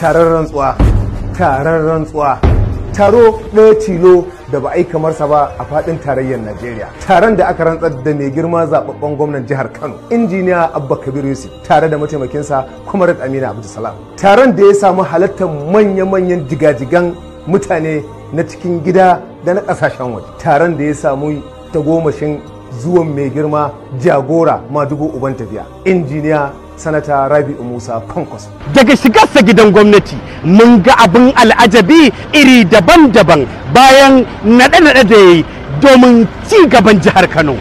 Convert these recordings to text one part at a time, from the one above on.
taron rantsuwa taron rantsuwa taro ɗaya tilo da ba a yi kamarsa ba a faɗin tarayyar najeriya taron da aka rantsar da mai girma zaɓaɓɓen gwamnan jihar kano injiniya abba kabir yusuf tare da mataimakinsa da amina Salam. taron da ya samu halartar manya-manyan jigajigan mutane na cikin gida da na ƙasashen waje taron da ya samu tagomashin zuwan mai girma jagora madugu uban tafiya injiniya sanata rabi'u musa kwankwas daga shigarsa gidan gwamnati mun ga abin al'ajabi iri daban-daban bayan naɗe-naɗe da ya yi domin ci gaban jihar kano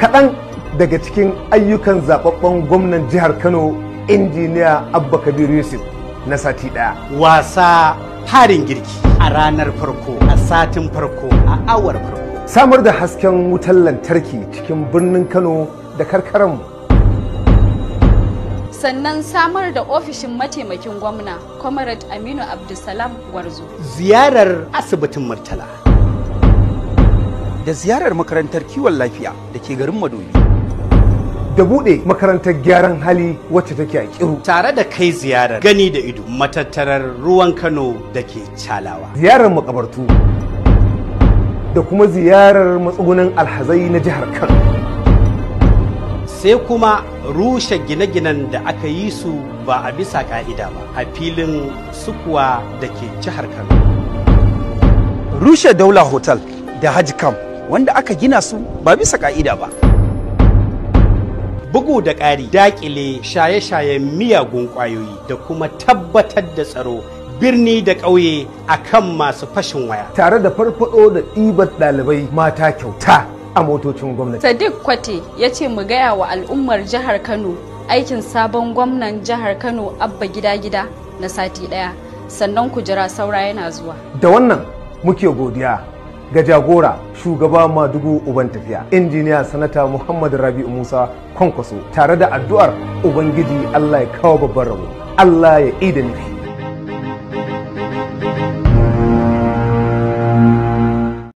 kaɗan daga cikin ayyukan zaɓaɓɓen gwamnan jihar kano injiniya abba kabir yusuf na sati ɗaya wasa harin girki a ranar farko a satin farko a awar farko samar da hasken wutar lantarki cikin birnin kano da karkaranmu sannan samar da ofishin mataimakin gwamna comrade aminu abdulsalam gwarzo ziyarar asibitin murtala da ziyarar makarantar kiwon lafiya da ke garin madobi da buɗe makarantar gyaran hali wacce take a kiru tare da kai ziyarar gani da ido matattarar ruwan kano da ke calawa ziyarar makabartu da kuma ziyarar matsugunan alhazai na jihar Kan. Sai kuma rushe gine-ginen da aka yi su ba a bisa ka'ida ba a filin sukuwa da ke jihar Kano. Rushe Daula Hotel da Hajj kam wanda aka gina su ba bisa ka'ida ba. bugu da ƙari daƙile, shaye-shayen miyagun ƙwayoyi da kuma tabbatar da tsaro birni da ƙauye a kan masu fashin waya. Tare da farfaɗo da ɗibar ɗalibai mata kyauta a motocin gwamnati. Sadiq Kwate ya ce mu gaya wa al'ummar jihar Kano aikin sabon gwamnan jihar Kano abba gida-gida na sati ɗaya sannan ku jira saura yana zuwa. Da wannan muke godiya ga jagora shugaba madugu uban tafiya injiniya sanata muhammad rabi'u musa kwankwaso tare da addu'ar ubangiji allah ya kawo babban rabo allah ya ida nufi